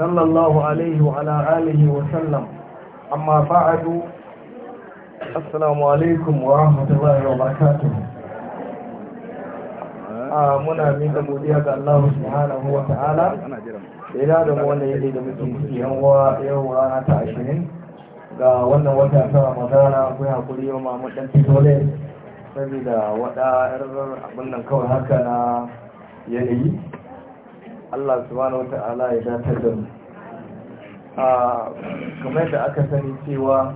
صلى الله عليه وعلى آله وسلم أما بعد السلام عليكم ورحمة الله وبركاته muna miƙa godiya ga Allah subhanahu wa da mu wannan yake da muke yan uwa yau rana ta ashirin ga wannan wata ta Ramadana ku hakuri yau ma mun dan saboda wada abin nan kawai haka na yanayi Allah subhanahu wa ta'ala ya gatar da mu a kamar da aka sani cewa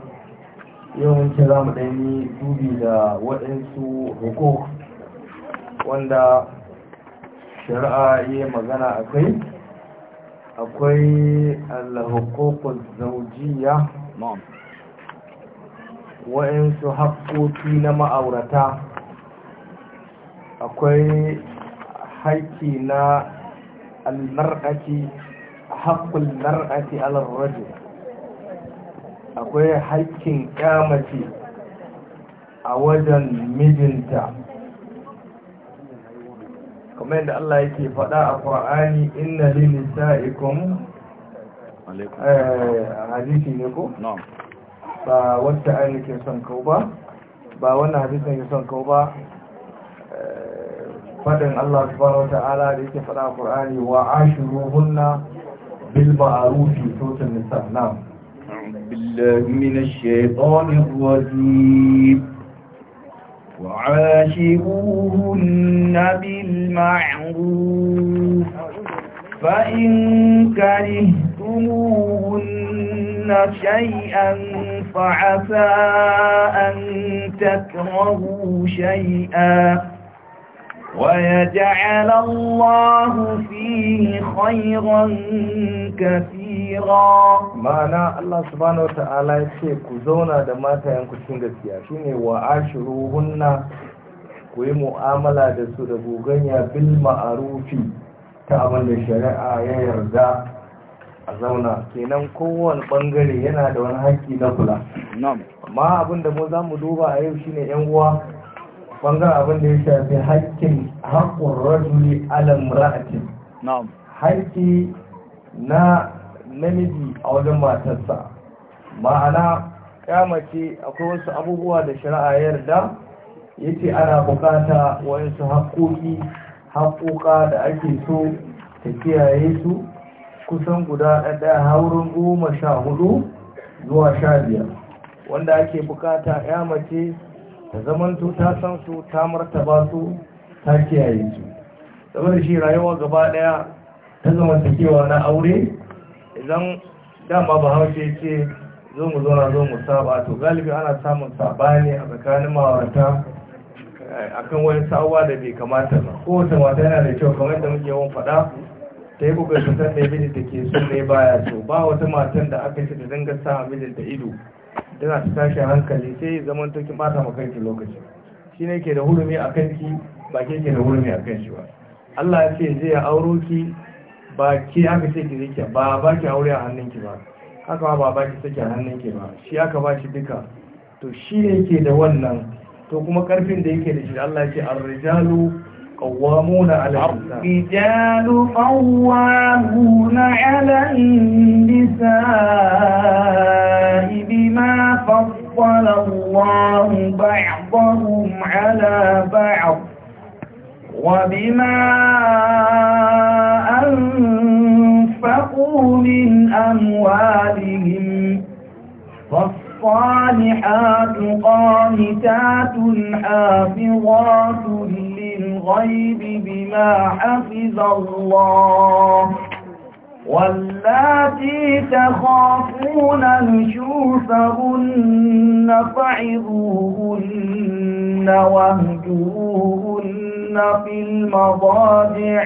yawanci za mu ɗanyi dubi da waɗansu hukuk wanda shari'a yi magana kai akwai alhukukun zaujiya waɗansu haƙoƙi na ma'aurata akwai haƙƙi na almarɗaki haƙƙul mar'ati alal rajul akwai haƙƙin ƙyamace a wajen mijinta kuma yadda Allah yake faɗa a Qur'ani inna lil nisa'ikum eh, hadisi ne ko ba wacce ayin ke son kau ba ba wannan hadisin ke son kau ba eh, faɗin Allah subhanahu wa ta'ala da yake faɗa a Qur'ani wa ashiruhunna بالمعروف صوت النساء نعم بالله من الشيطان الرجيم وعاشروهن بالمعروف فإن كرهتموهن شيئا فعسى أن تكرهوا شيئا ويجعل الله فيه خيرا كثيرا معنى الله سبحانه وتعالى يقول كزونا دماتا ينكو سنغسيا شيني وعاشروهن كوي مؤاملة دسو دبوغنيا بالمعروف تعمل الشريعة يرزا a zauna kenan kowane bangare yana da wani haƙƙi na kula amma abinda mu za mu duba a yau shine ƴan uwa bangaren abin da ya shafi haƙƙin haƙƙun rajuli alam ra'ati haƙƙi na namiji a wajen matarsa ma'ana ƙyamace akwai wasu abubuwa da shari'a yarda ya ce ana bukata wasu haƙoƙi haƙoƙa da ake so ta kiyaye su kusan guda ɗaya haurin goma sha hudu zuwa sha biyar wanda ake bukata ya mace da su ta san su ta martaba su ta kiyaye su saboda shi rayuwa gaba daya ta kewa na aure idan dama ba haushe ce zo mu zauna zo mu saba to galibi ana samun sabani a tsakanin mawarta eh, akan wani sawa da bai kamata ba kowace mata yana da kyau kamar da muke yawan faɗa ta yi kokarin san da mijinta ke so ne baya so ba wata matan da aka ce ta dinga sa da ido yana ta tashi hankali sai zaman to mata bata kanki lokaci shi ne ke da hurumi a kanki ba ke ke da hurumi a kanki ba Allah ya ce zai auro ki ba ki aka ce ki zai ba ba ki aure a hannunki ba haka ba ba ki sake a hannunki ba shi aka ba shi duka to shi ne ke da wannan to kuma karfin da yake da shi Allah ya ce ar قوامون على الرجال قوامون على النساء بما فضل الله بعضهم على بعض وبما أنفقوا من أموالهم فالصالحات قانتات حافظات الغيب بما حفظ الله واللاتي تخافون نشوفهن فعظوهن واهجروهن في المضاجع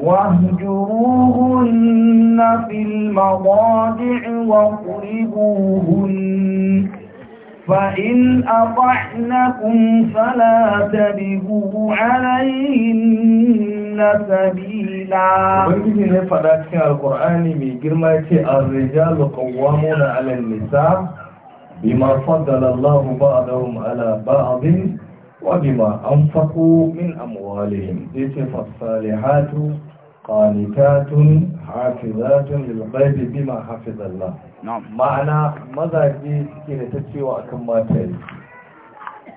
واهجروهن في المضاجع واضربوهن فإن أطعنكم فلا تبهوا عليهن سبيلا وبنجي نفدا كن القرآن من قرمة الرجال قوامون على النساء بما فضل الله بعضهم على بعض وبما أنفقوا من أموالهم ديت فالصالحات qanitatun hafizatun lil ghaibi bima hafizallah ma'ana mazaje suke da ta cewa akan mataye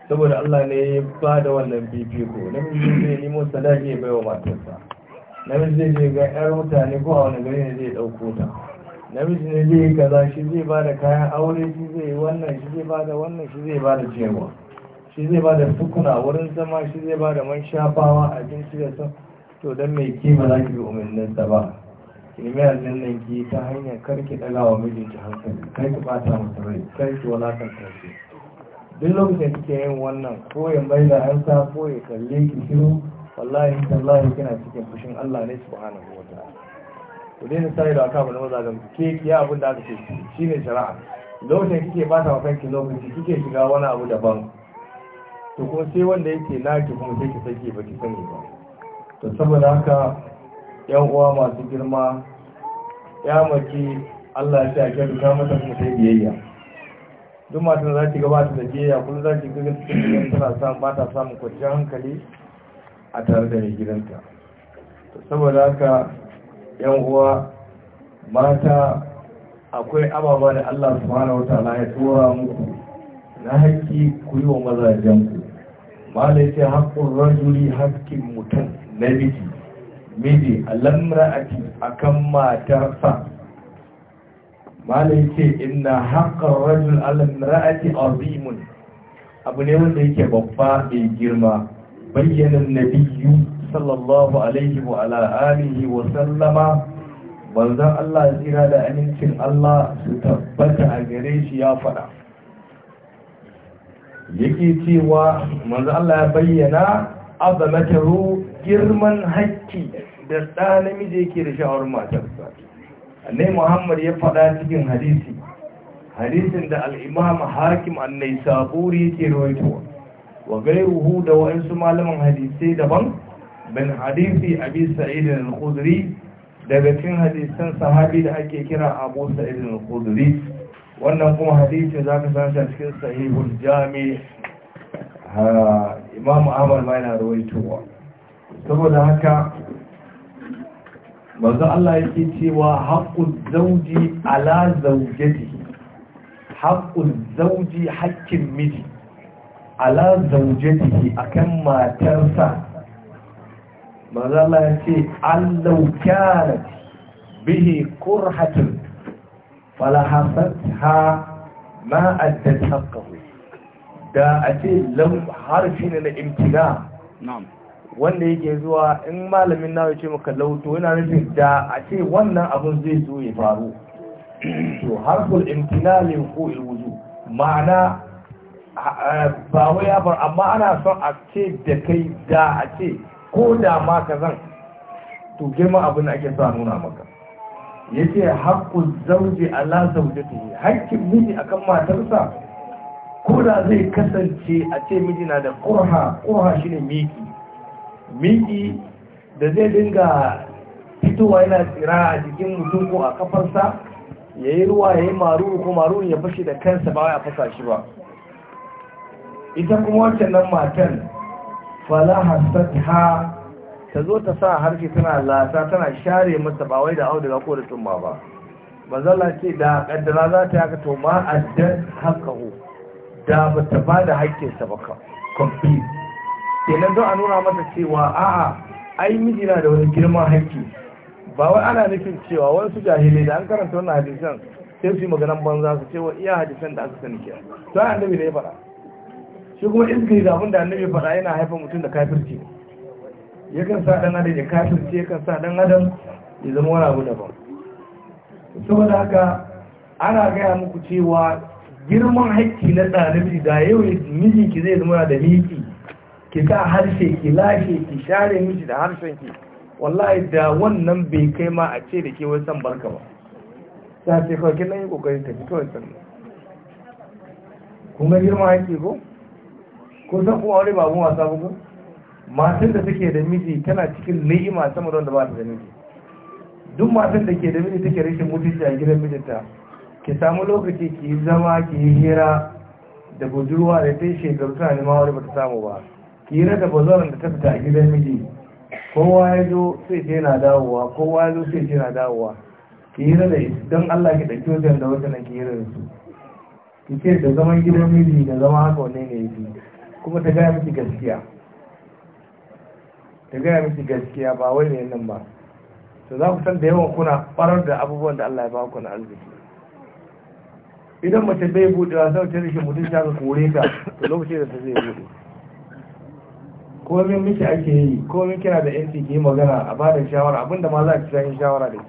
saboda Allah ne ya ba da wannan fifiko namiji zai nemo sadaki ya baiwa matarsa namiji zai je ga yar mutane ko a wani gari ne zai dauko ta namiji ne zai kaza shi zai ba da kayan aure shi zai wannan shi zai ba da wannan shi zai ba da ciyarwa shi zai ba da sukuna wurin zama shi zai ba da man shafawa abinci da sauran to don mai kima za ki bi umarninsa ba ilmi nan ki ta hanyar karki ɗaga wa mijinki hankali karki bata masa rai karki kan shi duk lokacin kike yin wannan ko ya mai da hansa ko ya kalle ki shiru wallahi tallahi kina cikin fushin Allah ne subhanahu wa ta'ala ku daina sai da aka maza mazagan ke ki abin da aka ce shine shari'a lokacin kike bata wa kanki lokaci kike shiga wani abu daban to kuma sai wanda yake naki kuma sai ki sake baki sani ba ta saboda haka yan uwa masu girma ya mace Allah ya sa kyau ta mata kuma sai biyayya duk matan za ki gabata da biyayya kuma za ki ga cikin tana samun ba ta samun kwanciyar hankali a tare da mai gidanta to saboda haka yan uwa mata akwai ababa da Allah subhanahu na ya tura muku na haƙƙi ku yi wa mazajen ku malai ce haƙƙun rajuli haƙƙin mutum namiji miji alamra'ati akan matarsa Malam ce inna haƙar rajul alamra'ati azimun abu ne wanda yake babba mai girma bayyanin biyu sallallahu alaihi wa ala wa sallama manzon Allah tsira da amincin Allah su tabbata a gare shi ya faɗa yake cewa manzon Allah ya bayyana azamatahu girman hakki da ɗa namiji yake da sha'awar matarsa annai muhammad ya faɗa cikin hadisi hadisin da al'imam hakim annai saburi yake rawaitowa wa gairuhu da wa'insu malaman hadisai daban bin hadisi abi sa'id al-khudri daga cikin hadisan sahabi da ake kira abu sa'id al-khudri wannan kuma hadisi za ka san shi cikin sahihul jami' imam ahmad ma yana rawaitowa saboda haka manzo Allah yake cewa haqqul zauji ala zawjatihi haqqul zauji haƙƙin miji ala zawjatihi akan matarsa manzo Allah yake allau kanat bihi kurhatun fala hasatha ma addat haqqahu da ace lam harfi na imtina na'am wanda yake zuwa in malamin na ce maka lauto yana nufin da a ce wannan abin zai zo ya faru to harful imtinalin ko ilwuzu ma'ana ba wai ya bar amma ana son a ce da kai da a ce ko da ma ka zan to girman abin da ake sa nuna maka ya ce haƙƙun zauje ala zaujatihi haƙƙin miji akan matarsa ko da zai kasance a ce miji na da ƙurha ƙurha shine miki miki da zai dinga fitowa yana tsira a jikin mutum ko a kafarsa ya yi ruwa ya yi maruru ko maruru ya fashe da kansa ba ya fasa shi ba ita kuma wancan nan matan falaha ha! ta zo ta sa harshe tana lasa tana share masa ba wai da auduga ko da tsumma ba mazala ce da kaddara za ta haka to ma addan haka da ba ta ba da haƙƙinsa ba complete kenan don a nuna masa cewa a'a ai miji na da wani girman haƙƙi ba wai ana nufin cewa wasu jahilai da an karanta wannan hadisan sai su yi maganan banza su cewa iya hadisan da aka sani kenan to ai annabi ne ya faɗa shi kuma in da abin da annabi fara faɗa yana haifar mutum da kafirci yakan sa dan adam ya kafirce yakan sa dan adam ya zama wani abu daban saboda haka ana gaya muku cewa girman haƙƙi na ɗalibi da yau miji ki zai zama da miki ki sa harshe ki lashe ki share miji da harshen ki wallahi da wannan bai kai ma a ce da ke wai san barka ba ta ce kawai kin yi kokarin ta fito san kun Kuma girma yake ko ko san kuma wani babu wasa ba ko matan da take da miji tana cikin ni'ima sama da wanda ba ta da miji duk matan da ke da miji take rashin mutunci a gidan mijinta ki samu lokaci ki yi zama ki yi hira da budurwa da ta yi shekaru tana nema wani ba ta samu ba hira da bazaran da ta fita a gidan miji kowa ya zo sai ce na dawowa kowa ya zo sai ce na dawowa ki hira da don Allah ki ɗauki wajen da wata nan ki hira da su ki ce da zaman gidan miji da zama haka wanne ne ya fi kuma ta gaya miki gaskiya ta gaya miki gaskiya ba wai ne nan ba to za ku san da yawan kuna ɓarar da abubuwan da Allah ya ba ku na arziki idan mace bai buɗe sau ta rikin mutum ta ka kore ta to lokacin da ta zai buɗe komin miki ake yi komin kina da yanci ki magana a ba da shawara abinda ma za ki shayin shawara da ke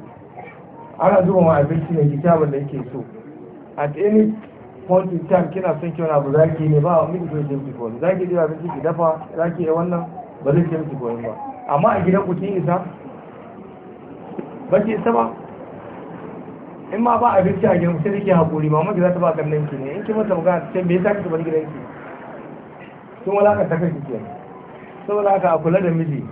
ana zuba ma abinci ne kitabin da yake so at any point in time kina son ki wani abu za ki ne ba miki so ki miki komi za ki yi abinci ki dafa za ki yi wannan ba zai ki miki ba amma a gidan ku kin isa ba ki isa ba in ma ba abinci a gidan ku sai ki hakuri ma maki za ta ba kan nan ki ne in ki masa magana ta ce me yasa kike bar gidan ki sun wala ka kai ki kenan saboda haka a kula da miji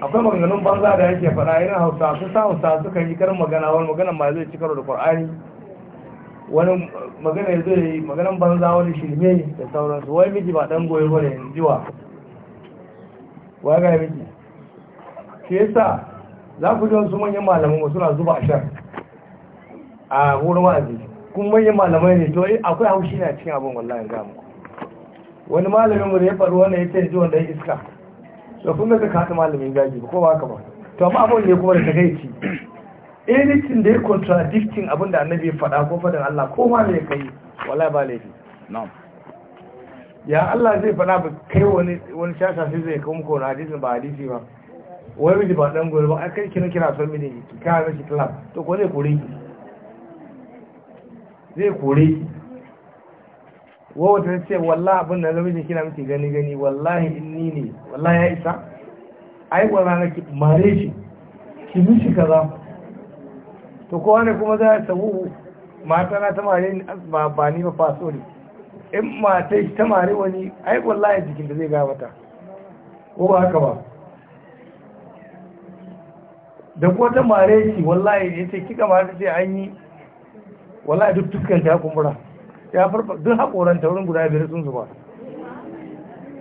akwai maganganun banza da yake faɗa irin hausa su sa hausa kan yi karin magana wani magana ma zai ci karo da qur'ani wani magana ya zai maganan banza wani shirme da sauransu wai miji ba dan goyi wani yanzu wa wai ga miji shi yasa za ku ji wasu manyan malaman wasu na zuba ashar a wurin wa'azi kun manyan malamai ne to akwai haushi na cikin abin wallahi ga mu wani malamin mu da ya faru wannan ya ce ji wanda ya iska da kun ga ka malamin gaji ba ko ba ka ba to amma abin ne kuma da takaici anything da ya contradicting abin da annabi ya faɗa ko faɗin Allah ko ma ne kai wallahi ba laifi na'am ya Allah zai faɗa ba kai wani wani shasha sai zai kawo muku wani hadisin ba hadisi ba wai miji ba dan gobe ba kai kina kira son mini ki kawo shi club to ko zai kore ki zai kore ki wawa ta ce walla abin da zama kina miki gani gani wallahi in ni ne wallahi ya isa ai wala na ki mare shi ki mishi kaza to kowa ne kuma za a sabu mata na ta mare ni ba ba ni ba faso ne in mata ta mare wani ai wallahi jikin da zai ga mata ko ba haka ba da ko ta mare shi wallahi ya ce kika mare ta ce an yi wallahi duk tukkan ta kumbura ya farfa duk haƙoran taurin guda biyar sun zuba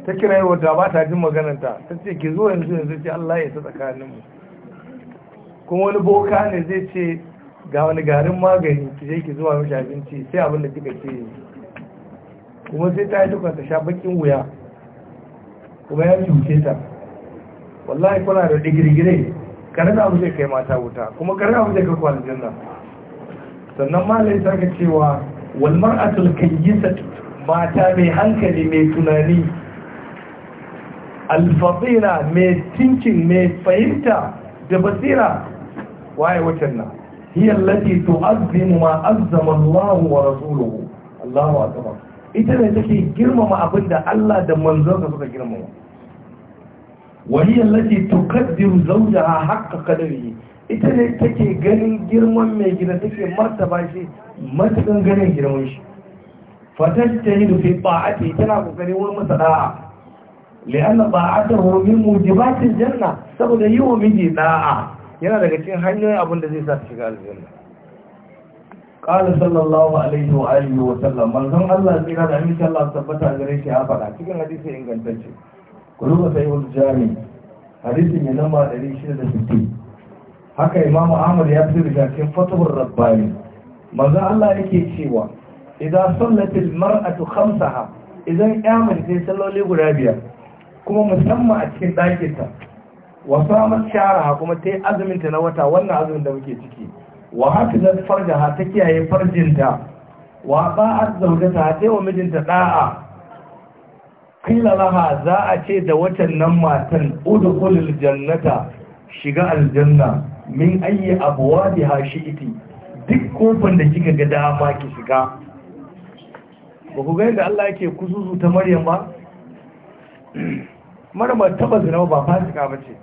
ta kira yi wata ba ta jin magananta ta ce ki zo yanzu yanzu ce Allah ya ta tsakaninmu kuma wani boka ne zai ce ga wani garin magani ki je ki zuwa mai abinci sai abin da kika ce kuma sai ta yi tukar ta sha bakin wuya kuma ya cuce ta wallahi kuna da digirgire kare da abu zai kai mata wuta kuma kare da abu zai kai kwanan janna sannan malai ta ga cewa walmar atulkayyisa mata mai hankali mai tunani alfafira mai tinkin mai fahimta da basira waye waccan nan hiyar lati tu'azzimu ma azzama Allah wa rasuluhu Allahu akbar ita ne take girmama abin da Allah da manzonsa suka girmama wa hiya allati tuqaddiru zawjaha haqqa qadarihi ita ne take ganin girman mai gida take martaba shi matakan ganin girman shi fatar ta yi rufe ba'ati tana kokari wurin masa da'a da ba'atar min mujibatin janna saboda yi wa miji da'a yana daga cikin hanyoyin abin da zai sa ta shiga aljanna qala sallallahu alaihi wa alihi wa sallam manzon Allah tsira da aminci Allah tabbata gare shi a faɗa cikin hadisi ingantacce ku sai wani jami hadisi mai namba 660 haka imam ahmad ya fi da cikin fatuhur rabbani manzo Allah yake cewa idan sallatil mar'atu khamsaha idan ya mace salloli guda biyar kuma musamman a cikin ɗakinta Wa amat sharaha kuma ta yi azuminta na wata wannan azumin da muke ciki wa haka zan farjaha ta kiyaye farjinta wa ba'at zaujata ta yi wa mijinta da'a kila laha za a ce da watan nan matan udkhulul jannata shiga aljanna min ayyi abuwa da hashi iti duk kofin da kika ga dama ki shiga ba ku gani da Allah yake kusuzu ta maryam ba maryam ba zina ba fasika ba ce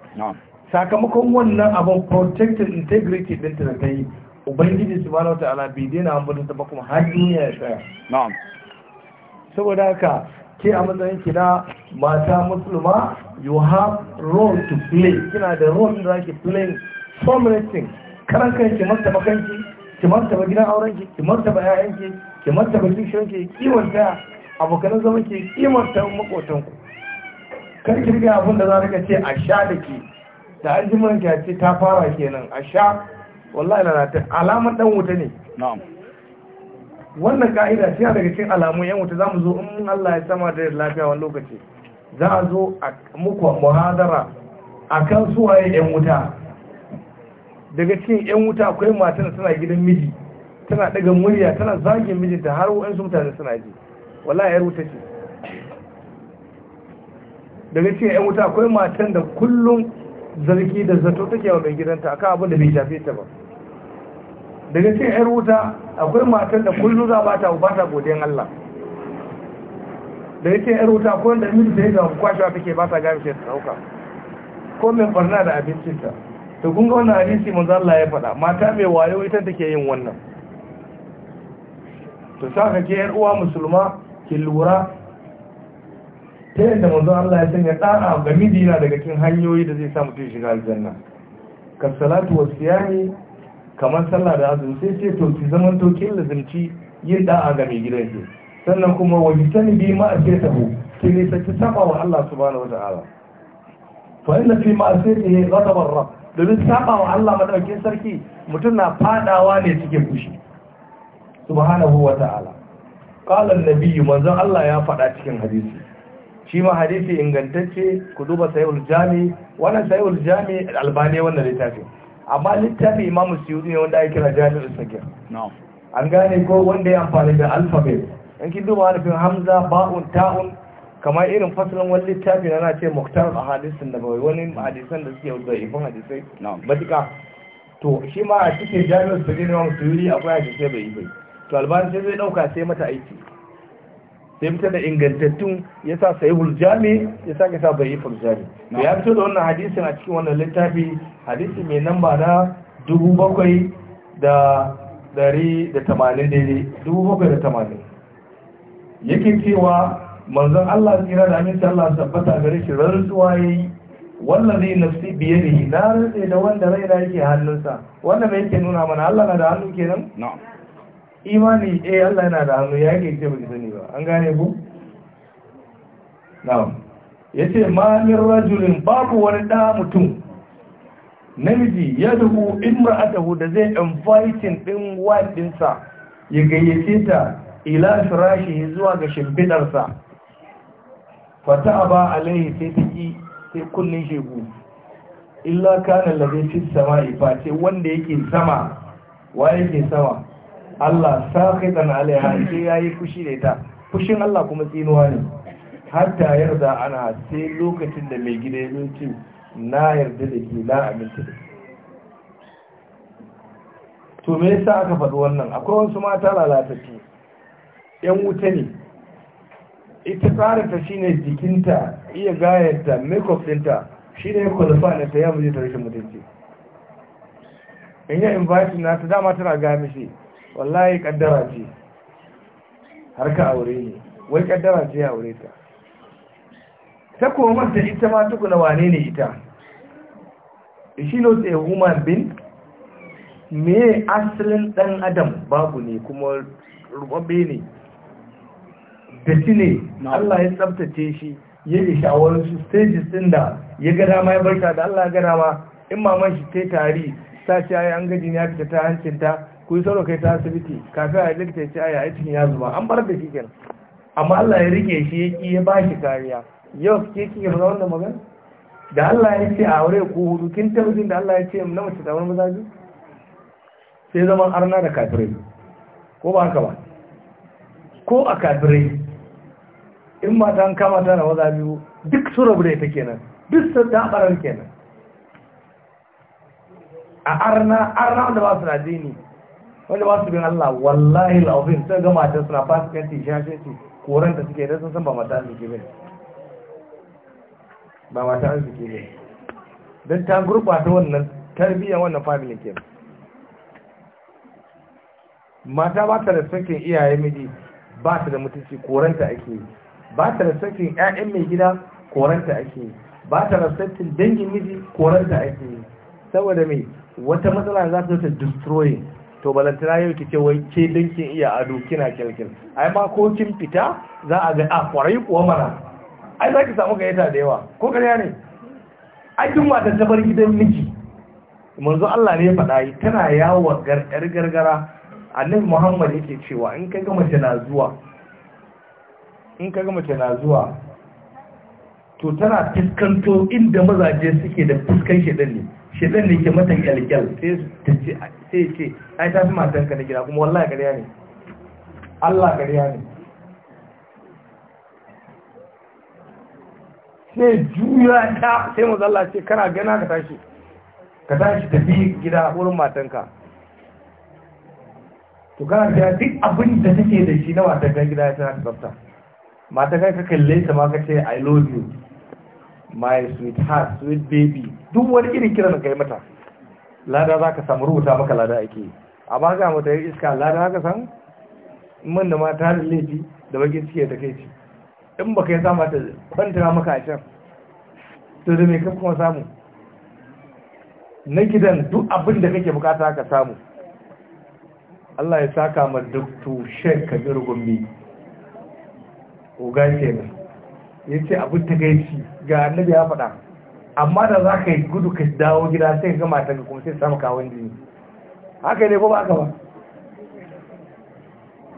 sakamakon wannan abin protected integrity din ta kai ubangiji subhanahu ta'ala bai daina ambata ta ba kuma har duniya ya tsaya na'am saboda haka ke a matsayin ki na mata musulma you have role to play kina da role da zaki play prominent karan kai ki martaba kanki ki martaba gidan auren ki ki martaba 'ya'yanki, ki ki martaba kishiyon ki kimanta abokan zaman ki kimanta makotan ku kar ki riga abin da za ka ce a sha da ki da an ji mun ce ta fara kenan a sha wallahi na ta alamar dan wuta ne na'am wannan ka'ida shi daga cikin alamun yan wuta zamu zo in Allah ya sama da lafiya wani lokaci za a zo a muku muhadara akan suwaye yan wuta daga cikin 'yan wuta akwai matan tana gidan miji tana daga murya tana zagin mijinta har su mutane suna ji wala ya wuta ce daga cikin 'yan wuta akwai matan da kullum zargi da zato take wa mai gidanta akan abin da bai shafe ta ba daga cikin 'yan wuta akwai matan da kullum za ba ta ba ta godiyan Allah daga cikin 'yan wuta akwai wanda ta yi ga kwashewa take ba ta gami shi ta sauka ko mai barna da abincinta to kun ga wannan hadisi manzo Allah ya faɗa mata mai wayo ita take yin wannan to saka ke yar uwa musulma ki lura ta yadda manzo Allah ya sanya da'a ga miji yana daga cikin hanyoyi da zai sa mutum shiga aljanna ka salatu wa siyami kamar sallah da azumi sai ce to ki zaman to ki lazimci yin da'a ga mai gidan ki sannan kuma wa bisani bi ma asetahu ki ne sai ta saba wa Allah subhanahu wa ta'ala fa inna fi ma asetihi ar-rabb domin saba wa Allah maɗaukin sarki mutum na faɗawa ne cikin fushi subhanahu wata'ala qala an-nabiy manzon Allah ya faɗa cikin hadisi shi ma hadisi ingantacce ku duba sahihul jami wannan sahihul jami albani wannan littafin amma littafi imam suyuti ne wanda ake kira jami'ul sagir an gane ko wanda ya amfani da alfabet in kin duba harfin hamza ba'un ta'un kamar irin fasalin wani littafi na ce muktar a hadisun da bai wani hadisan da suke da ifin hadisai batika to shi ma a cikin jami'ar su ne wani suyuri akwai hadisai bai bai to albani sai zai dauka sai mata aiki sai fita da ingantattun ya sa sahihul jami ya sa sa bai ifin jami to ya fito da wannan hadisin a cikin wannan littafi hadisi mai namba na dubu bakwai da dari da tamanin daidai dubu bakwai da tamanin yake cewa manzon Allah tsira da aminci Allah tabbata gare shi rantsuwa yayi wallazi nafsi bi yadihi na rantsa da wanda raina yake hannunsa wanda bai yake nuna mana Allah na da hannu kenan imani eh Allah yana da hannu yake ce ba sani ba an gane ku na'am yace ma min rajulin babu wani da mutum namiji ya dubu imra'atahu da zai inviting din wife dinsa ya gayyace ta ila shirashi zuwa ga shimfidarsa fata a ba alaihi sai ta sai kullum shegu illa kanan labe fi sama ce wanda yake sama wa yake sama Allah sa kai tsan alaiha sai ya yi fushi da ita fushin Allah kuma tsinuwa ne hatta yarda ana sai lokacin da mai gida ya ce na yarda da ke na aminta da to me yasa aka faɗi wannan akwai wasu mata lalatattu yan wuta ne ita tsarinta shine jikinta iya ta makeup dinta shi ne kwalifa na ta yamu zai rashin mutunci in yi invite na ta dama tana gaya mishi wallahi kaddara ce har ka aure ne wai kaddara ce ya aure ta ta koma da ita ma tukuna wane ne ita shi no a woman bin? me asalin dan adam babu ne kuma rubabe ne da ne Allah ya tsabtace shi ya yi su stages ɗin da ya gada ma ya barta da Allah ya gada ma. in maman shi ta tari ta ci ayi an gaji ya fita ta hancinta ku yi sauro kai ta asibiti kafin a likita ya ci ayi a cikin ya zuba an bar da shi kenan amma Allah ya rike shi ya ki ya ba shi kariya yau ke ki fara wannan magana da Allah ya ce a aure ku hudu kin tabbatin da Allah ya ce na mace ta wani maza biyu sai zaman arna da kafirai ko ba haka ba ko a kafirai in mata an kama tana maza biyu duk su rabu da ita kenan duk su ta barar kenan a arna arna wanda ba su na dini wanda ba su bin Allah wallahi la'ufin sun ga mata suna fasikanci shashinci da suke da sun san ba mata arziki bane ba mata arziki bane don ta gurɓata wannan tarbiyyar wannan family ke. mata ba ta da sakin iyaye miji ba ta da mutunci ta ake yi ba ta respectin ƴaƴan mai gida koranta ake yi ba ta respectin dangin miji koranta ake yi saboda mai wata matsala za ta ta to balantana yau ki ce wai ke dinkin iya ado kina kyalkyal ai ma ko kin fita za a ga a kwarai kuwa mana ai za ki samu gayyata da yawa ko kariya ne ai kin mata ta bar gidan miki manzo Allah ne ya faɗa yi tana yawo gargar gargara annabi Muhammad yake cewa in ka ga mace na zuwa in ga mace na zuwa to tana fuskanto inda mazaje suke da fuskan shedan ne shedan ne ke mata kyalkyal sai ce ai ta fi matan ka na gida kuma wallahi ƙarya ne Allah ƙarya ne sai juya ta sai zalla ce kana gana ka tashi ka tashi tafi gida wurin matanka to kana ga duk abin da take da shi na wata gida ya tana tsafta mata kai ka kalle ta ma ka ce i love you my sweet heart, sweet baby duk wani irin kiran da kai mata lada za ka samu rubuta maka lada ake ba ga mata yi iska lada za ka san mun da mata da laifi da baki suke da kai ci in ba kai sama ta kwantara maka a can to da mai kan kuma samu na gidan duk abin da kake bukata ka samu Allah ya saka ma duk tushen kabir gombe oga kenan ya ce abin ta gaici ga annabi ya faɗa amma da za ka yi gudu ka dawo gida sai ka mata ka kuma sai samu kawon jini haka ne ko ba haka ba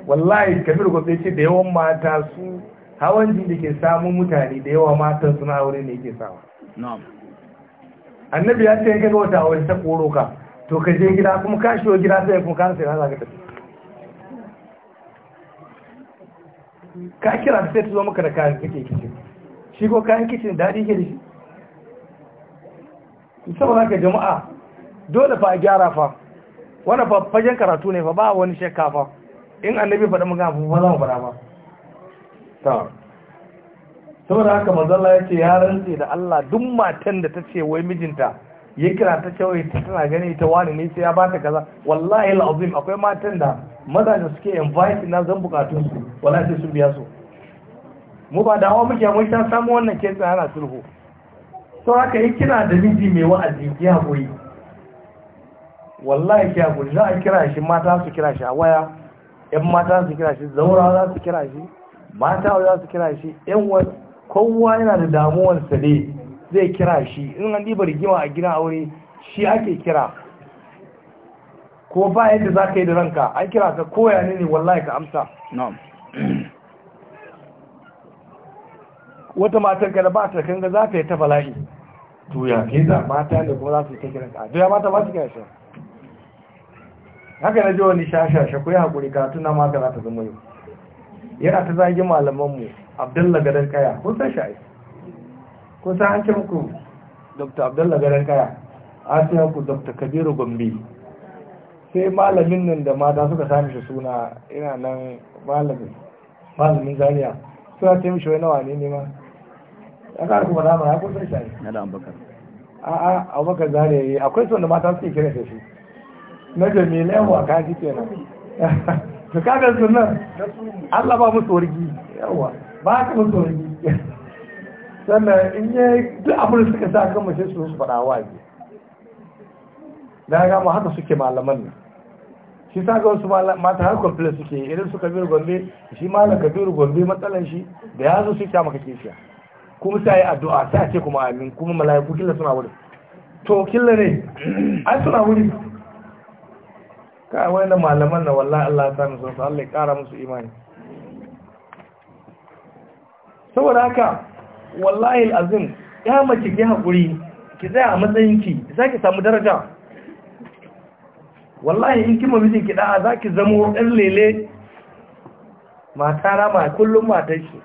wallahi kabir gobe ce da yawan mata su hawan jini da ke samun mutane da yawa matan suna aure ne yake sawa annabi ya ce ka ga wata aure ta koro ka to ka je gida kuma ka shigo gida sai kuma ka sai na za ka tafi ka kira sai ta zo maka da kayan kake kicin shi ko kayan kicin daɗi ke da shi saboda ka jama'a dole fa a gyara fa wani fa fagen karatu ne fa ba wani shakka fa in annabi faɗa maka fa ba za mu faɗa ba ta saboda haka manzalla ya ce ya rantse da Allah duk matan da ta ce wai mijinta ya kira ta ce wai tana gani ta wani ne sai ya ba ta kaza wallahi al'azim akwai matan da mazajen suke invite na zan bukatun su wala sai sun biya su mu ba da hawa muke mun san samu wannan kesa ana sulhu to haka yi kina da miji mai wa'azi ya goyi wallahi ya goyi za a kira shi mata su kira shi a waya yan mata su kira shi zaura za su kira shi mata za su kira shi yan wani kowa yana da damuwar sa ne zai kira shi in an diba rigima a gidan aure shi ake kira ko ba yadda za ka yi da ranka an kira ka koya ne ne wallahi ka amsa wata matar ka da ba ta kanga za ta yi ta bala'i to ya ke za mata da kuma za su yi ta kira ka tuya mata ba su kira shi haka na ji wani shashashe ku yi haƙuri karatu na maka za ta zama yau yana ta zagi malamanmu abdullah Gadar kaya kun san shi kun san an ce muku dr abdullah Gadar kaya an ce muku dr kabiru gombe sai malamin nan da mata suka sami shi suna ina nan malamin malamin zariya suna ce mishi wani wane ne ma ya kara kuma nama ya kusa shi na da abubakar a'a abubakar zariya yi eh, akwai son da mata suke kira da shi na jami'in yawa ka ji kenan to kaga sunan Allah ba musu wargi yawa ba ka musu wargi sannan in yi duk abin da suka sa kan mace su su faɗa wa da ya gama haka suke malaman nan shi sa ga wasu mata har kwamfila suke irin su kabiru gombe shi ma na kabiru gombe matsalan shi da ya zo su kya maka kishiya kuma sai yi addu'a sai a ce kuma amin kuma mala'iku killa suna wuri. to killa ne an suna wuri Ka wai na malaman na wallahi Allah ya sa musu Allah ya kara musu imani saboda haka wallahi alazim ya mace ki hakuri ki tsaya a matsayin ki zaki samu daraja wallahi in kima mijin ki da'a za ki zamo ɗan lele mata ma kullum matan shi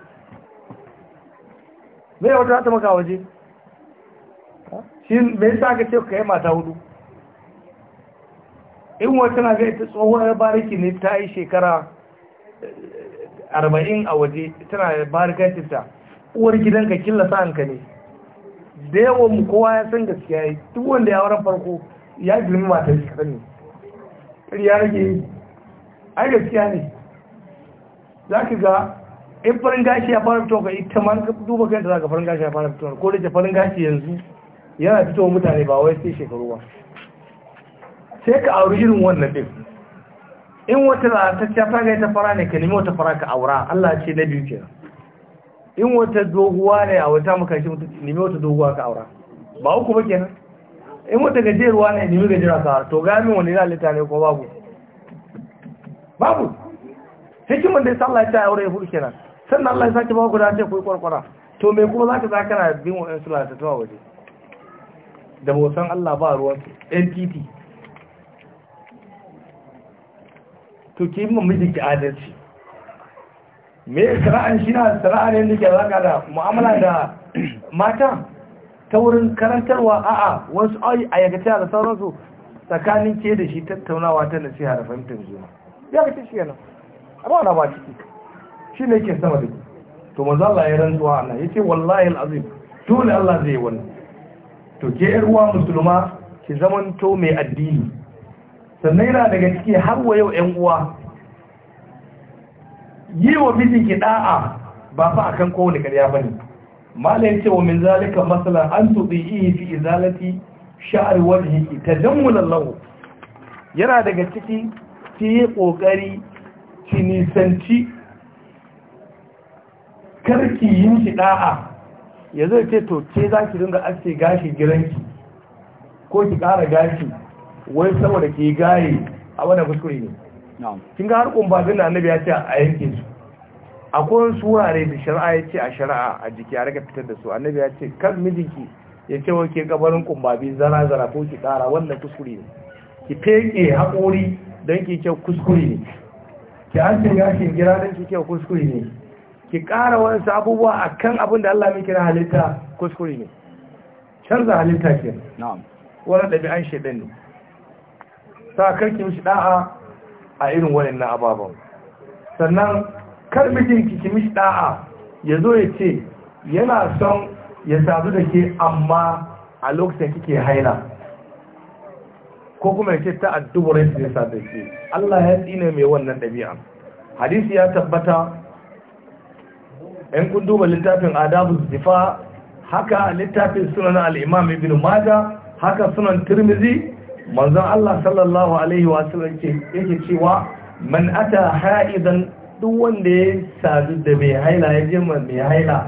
mai wata za ta maka waje shi me yasa aka ce ka yi mata hudu in wata na ga ita tsohuwar bariki ne ta yi shekara eh, arba'in a waje tana da barikantinta uwar gidan ka killa sa'anka ne da yawon kowa ya san gaskiya yi duk wanda ya wurin farko ya girmi matar shi kaɗan ne riyage yake yi ai gaskiya ne za ka ga in farin gashi ya fara fitowa ita ma ka duba kai da za ka farin gashi ya fara fitowa ko da farin gashi yanzu yana fitowa mutane ba wai sai shekaru ba sai ka auri irin wannan din in wata ta ta ga ta fara ne ka nemi wata fara ka aura Allah ce na biyu kenan in wata doguwa ne a wata makashi nemi wata doguwa ka aura ba uku ba kenan in wata gajeruwa ne nemi gajera sa to gami wani lalita ne ko babu babu hikimin da ya sallah ta aure ya hudu kenan sannan Allah ya sake ba ku da ce ku kwarkwara to me kuma za ka za kana bin wa su lalata tuwa waje da bosan Allah ba ruwan NTT to ki yi mamaji ki adalci me sara'an shi na sana'an yadda ke zaka da mu'amala da mata ta wurin karantarwa a'a wasu a yagata da sauransu tsakanin ke da shi tattaunawa ta nasiha da fahimtar juna ya ga shi yana amma na ba ciki shi ne yake sama da ku to maza Allah ya rantsuwa Allah yace wallahi alazim dole Allah zai yi wannan to ke yar uwa musulma ki to mai addini sannan yana daga ciki har wa yau 'yan uwa yi wa mijinki da'a ba fa akan kowane ƙarya bane malai ce wa min zalika masalan an tuɗi fi izalati sha'ar ta tajammulan lahu yana daga ciki ki yi ƙoƙari ki nisanci karki yin shi ɗa'a ya zai ce to ce za ki dinga aske gashi giranki ko ki ƙara gashi wai saboda ki gaye a wannan kuskure ne kin ga harkun ba zina annabi ya ce a yankinsu. akwai wasu wurare da shari'a ya ce a shari'a a jiki a raka fitar da su annabi ya ce kan mijinki ya ce wa ke gabarin kumbabi zara zara ko ki kara wannan kuskure ne ki feke haƙori don ki kyau kuskure ne ki cin gashin gira don ki kyau kuskure ne ki kara wani abubuwa a kan abin da Allah mai kira halitta kuskure ne canza halitta ke wani ɗabi'an shaidan ne sa karki mishi da'a a irin waɗannan ababen sannan kar mijinki ki mishi da'a ya zo ya ce yana son ya sadu da ke amma a lokacin kike haina, ko kuma ya ce ta adduburai su sadu da ke Allah ya tsine mai wannan ɗabi'a hadisi ya tabbata ‘yan kunduba duba littafin adabu zifa haka littafin sunan al'imam ibn maja haka sunan turmizi manzon Allah sallallahu alaihi wasu yake cewa man ata ha'idan duk wanda ya sadu da mai haila ya jima mai haila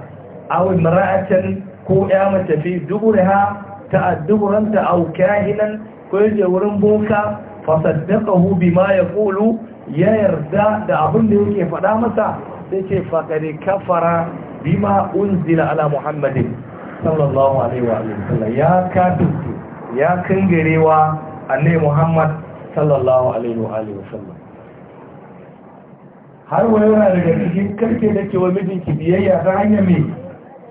wani mara'atan ko ya mace fi duburha ta'adduburanta aw kahinan ko je wurin boka fa saddaqahu bima Kulu ya yarda da abin da yake faɗa masa sai ce faqad kafara bima unzila ala muhammadin sallallahu alaihi wa sallam ya kafirtu ya kangarewa annabi muhammad sallallahu alaihi wa sallam har wa yana daga cikin karke da ke wa mijinki biyayya ta hanyar mai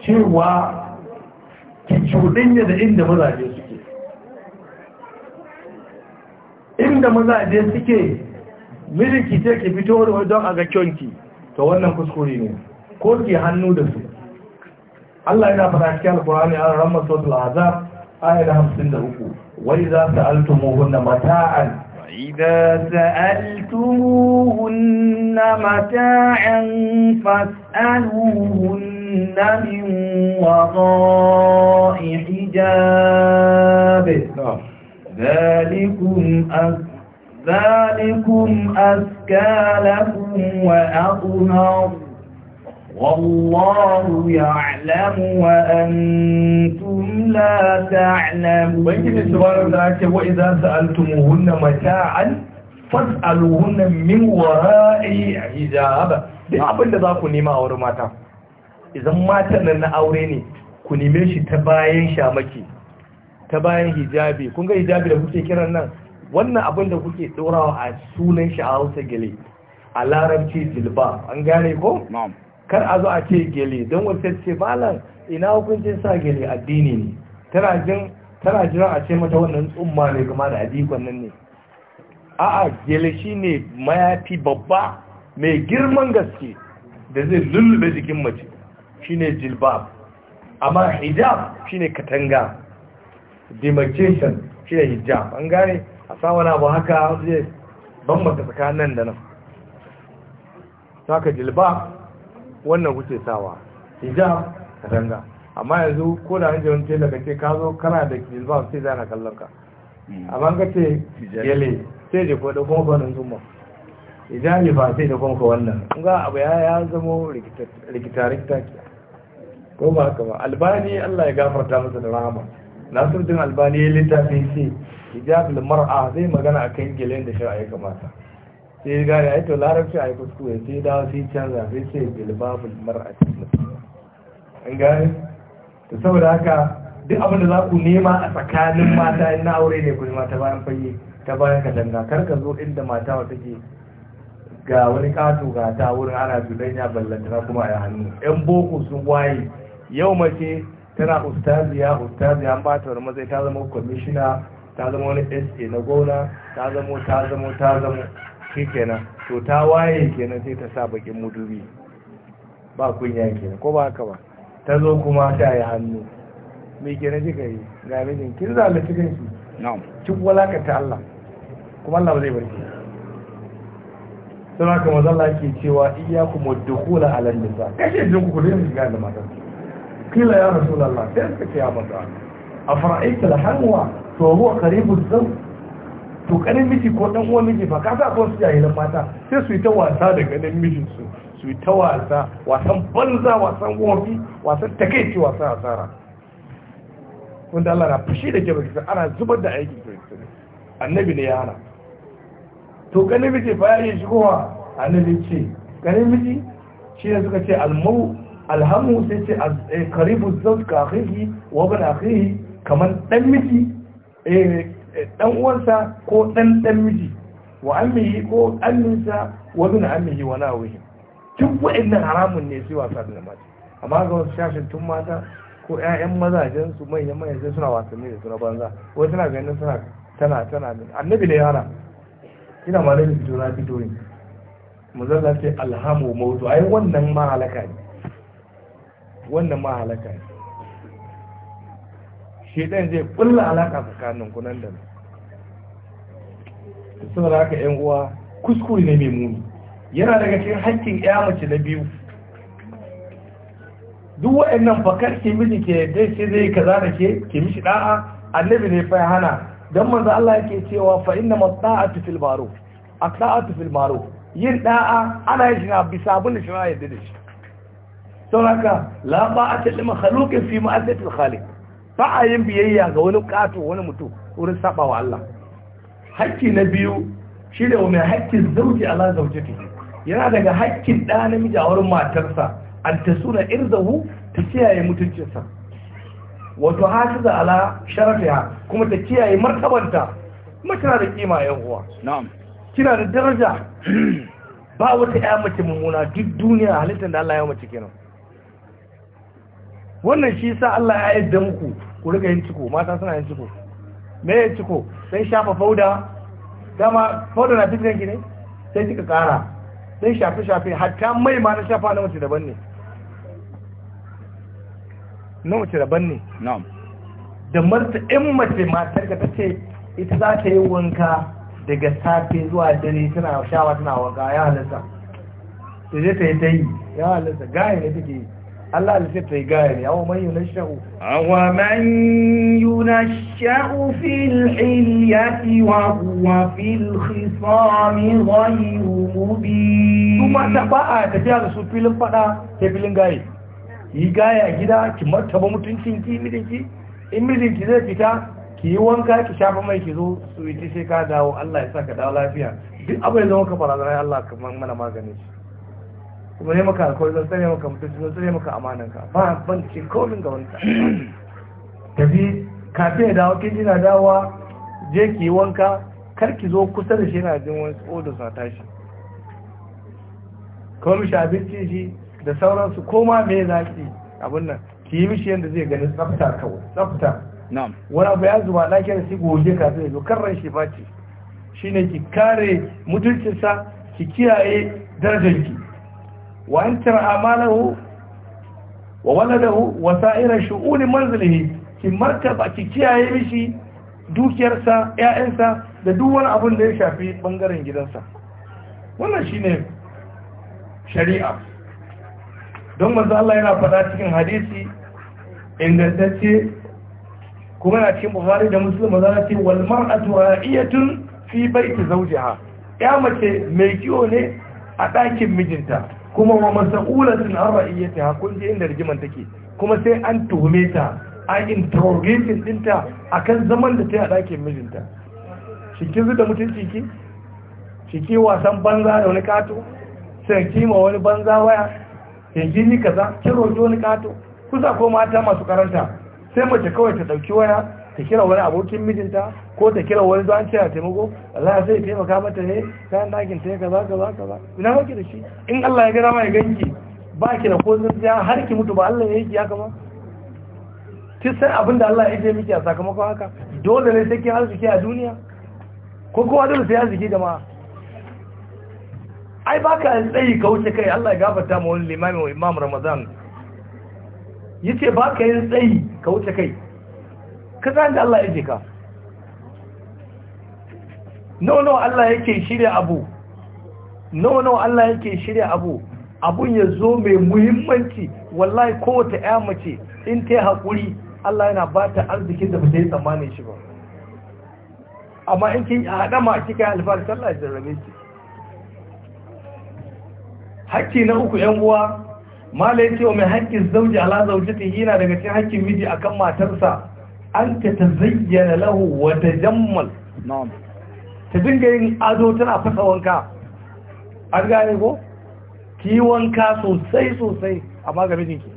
cewa ki cuɗanya da inda mazaje suke inda mazaje suke mijinki ce ki fito da wani don a ga kyonki to wannan kuskure ne ko ke hannu da su Allah yana fara cikin alkurani an ramar sautul azab da 53 wai za su na mata'an وإذا سألتموهن متاعا فاسألوهن من وراء حجاب ذلكم أسفل ذلكم أزكى لكم وأطهر والله يعلم وأنتم لا تعلمون بين سبحانه وتعالى وإذا سألتموهن متاعا fas'aluhunna min wara'i hijab duk abin da za ku nema a wurin mata idan matan nan na aure ne ku neme shi ta bayan shamaki ta bayan hijabi kun ga hijabi da kuke kiran nan wannan abin da kuke tsorawa a sunan shi a Hausa gele a larabci jilba an gane ko na'am kar a zo a ce gele don wata ce malam ina hukuncin sa gele addini ne tana jin jira a ce mata wannan tsumma ne kuma da adikon nan ne 'a gele shi ne mayafi babba mai girman gaske da zai lullube jikin mace ne jilbab amma hijab shi ne katanga demarcation ne hijab an gane a samu ba haka zai bambanta tsakanin da nan saka jilbab wannan kuke sawa hijab katanga amma yanzu ko da an wani tela kace ce ka zo kana da jilbab sai zana kallon ka hmm. amma ka ce yale sai da kuma kwanan zuma idan ba sai da kwanka wannan ga abu ya ya zama rikita-rikita ko ba haka ba albani Allah ya gafarta masa da rahama nasiruddin albani ya littafi shi hijab al-mar'a zai magana akan gelen da shari'a ya kamata sai ya gane ai to larabci yi kuskure sai ya dawo sai canza sai sai jilbabul mar'ati an gane ta saboda haka duk abin da za ku nema a tsakanin mata in na aure ne ku nema ta bayan fage ta bayan katanga kar ka zo inda mata wata ke ga wani kato ga ta wurin ana cuɗanya ballantana kuma a hannu yan boko sun waye yau mace tana ustaziya ustaziya an bata wani matsayi ta zama kwamishina ta zama wani sa na gona ta zamo ta zamo ta zamo shi kenan to ta waye kenan sai ta sa bakin mudubi ba kunya kenan ko ba haka ba ta zo kuma ta yi hannu mai kenan kika yi ga mijin kin zalunci cikin shi kin ta Allah kuma Allah ba zai barci. Suna sai haka ke Allah yake cewa iyyakum wadkhula ala nisa kashe jin ku ne shiga da mata kila ya rasulullah sai ka ce ya mata afara'aita al-hanwa to huwa qaribu zawj to kanin miji ko dan uwan miji ba ka sa su jahilan mata sai su yi ta wasa da ganin mijin su su yi ta wasa wasan banza wasan wofi wasan takeici wasan asara wanda Allah na fushi da ke bakisa ana zubar da aikin kiristiri annabi ne ya hana to ganin miji ba ya yi shigowa annabi ce ganin miji shi ne suka ce almau alhamu sai ce eh, karibu zaut ka akhihi wa ban akhihi kaman dan miji eh dan uwansa ko dan dan miji wa ammihi ko amminsa wa bin ammihi wa nawihi duk wa'annan haramun ne su wasa da mata amma ga wasu shashin tun mata ko ƴaƴan mazajen su manyan manyan sai suna wasanni da suna banza wai tana yanda suna tana tana annabi ne yara ina ma nabi fito na fito ne manzon ce alhamu mawdu ai wannan ma halaka ne wannan ma halaka ne shedan zai kulla alaka tsakanin kunan da nan suna da haka yan uwa kuskure ne mai muni yana daga cikin haƙƙin ya mace na biyu duk wa'annan bakar ke miji ke dai sai zai kaza da ke ke mishi da'a annabi ne fa hana dan manzo Allah yake cewa fa inna mata'atu fil a ɗa'a, fil ma'ruf yin ɗa'a ana yin shi na bisa abin da shi ya yarda da shi sauraka la ba'ata lil fi ma'asiyati al khaliq ba a yin biyayya ga wani kato wani mutum wurin saba wa Allah hakki na biyu shi ne mai hakkin zauji ala zaujati yana daga hakkin ɗa namiji a wurin matarsa an ta suna irzahu ta kiyaye mutuncinsa wato da ala sharafiya kuma ta kiyaye martabanta kuma tana da kima yan uwa kina da daraja ba wata ya mace mummuna duk duniya halittar da Allah ya mace kenan wannan shi sa Allah ya yadda muku ku riga yin ciko mata suna yin ciko me ya ciko sai shafa fauda dama fauda na fitan ki ne sai kika kara sai shafe shafe hatta mai ma na shafa na mace daban ne na mace daban ne na'am da marta in mace matar ka tace ita za ta yi wanka daga safe zuwa dare tana shawa tana wanka ya halatta ta je ta yi ta yi ya halatta gaya ne take yi Allah da sai ta yi gaya ne, awon man yunasha'u. Awa man yunasha'u fil hilyati wa huwa fil khisami ghayru mubi. Kuma ta ba a tafiya da su filin fada ta filin gaye. Yi gaya gida ki martaba mutuncin ki mijinki, in ki zai fita ki yi wanka ki shafa mai ki zo su yi sai ka dawo Allah ya sa ka dawo lafiya. Duk abin da zama ka fara Allah kamar mana magani. kuma ne maka alkawari zan tsare maka mutunci zan tsare maka amananka ba ban ce komin ga wani tafi kafin ya dawo kin jina dawa je ki yi wanka kar ki zo kusa da shi yana jin wani odo sa tashi kawai mishi abinci shi da sauransu koma me zaki ki abin nan ki yi mishi yadda zai gani tsafta kawai tsafta wani abu ya zuba ɗakin da shi goge kafin ya zo karran shi shi face shine ki kare mutuncinsa ki kiyaye darajarki وأنكر أعماله وولده وسائر شؤون منزله ki martaba ki kiyaye mishi dukiyarsa 'ya'yansa, da duk wani abin da ya shafi ɓangaren gidansa wannan shine shari'a don manzo Allah yana faɗa cikin hadisi ingantacce kuma yana cikin Bukhari da Muslim manzo ce wal mar'atu ra'iyatun fi baiti zawjiha ya mace mai kiwo ne a ɗakin mijinta kuma wa masa'ulatin an ha kun je inda rigiman take kuma sai an tuhume ta a interrogation dinta akan zaman da ta yi a ɗakin mijinta shi ki da mutunci ki shi ki wasan banza da wani kato sai ki ma wani banza waya sai ki ni kaza ki roƙi wani kato kusa ko mata masu karanta sai mace kawai ta ɗauki waya ta kira wani abokin mijinta ko ta kira wani zuwa an cewa taimako Allah zai taimaka mata ne yi nakin ta za ka kaza ina maki da shi in Allah ya gada ma ya ganki ba ki da ko zuciya har ki mutu ba Allah ya yi ya kama ki san abin da Allah ya je miki a sakamakon haka dole ne sai ki arziki a duniya ko kowa dole sai arziki ma? ai baka tsayi ka wuce kai Allah ya gafarta ma wani limamin wa imam Ramadan yace baka yin tsayi ka wuce kai ka san da Allah ya je ka nawa nawa Allah yake shirya abu nawa nawa Allah yake shirya abu abun ya zo mai muhimmanci wallahi kowace ya mace in ta yi haƙuri Allah yana ba ta arzikin da ba ta yi tsammanin shi ba amma in kin haɗa ma kika yi alfahari sallah ya ki hakki na uku 'yan uwa mala ya ce wa mai hakkin zauji ala zaujati yana daga cikin hakkin miji akan matarsa an ta zayyana lahu wa tajammal na'am ta dinga yin ado tana fasa wanka an gane ko ki yi wanka sosai sosai amma magabinin ki?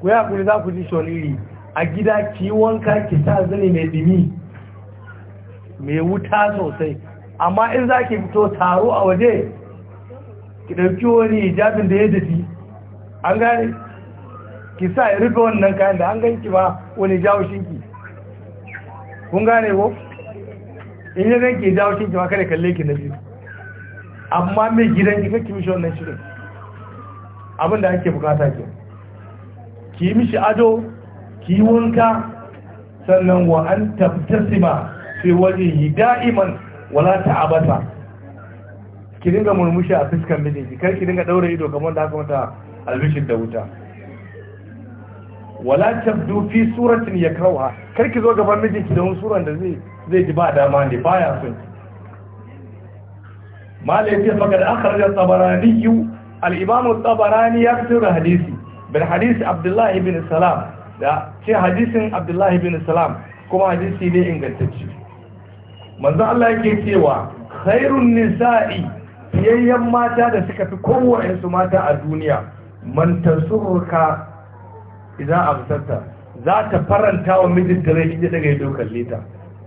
ku ya kuri za ku ji shoniri a gida ki yi wanka ki sa zane mai dimi mai wuta sosai amma in za ki fito taro a waje ki ɗauki wani jabin da ya dafi an gane ki sa ya rufe wannan kayan da an ganki ba wani jawo shinki kun gane ko in yi zai ke jawo shi kima kada kalle ki na biyu amma mai gidan ki kakki mishi wannan shirin abin da ake bukata ke ki yi mishi ado ki yi wanka sannan wa an ma fi yi da'iman wala ta'abasa ki dinga murmushi a fuskan mijinki kar ki dinga daura ido kamar da aka mata albishin da wuta wala tabdu fi suratin yakraha kar ki zo gaban mijinki da wani suran da zai zai ji ba dama ne baya son malai da fagar akharar tsabarani yi al'imamu tsabarani ya fito da hadisi bin hadisi abdullahi bin salam da ce hadisin abdullahi bin salam kuma hadisi ne ingantacci manzan Allah yake cewa khairun nisa'i fiyayyen mata da suka fi su mata a duniya man tasurruka idan amsarta za ta faranta wa mijinta rai inda daga yi dokar lita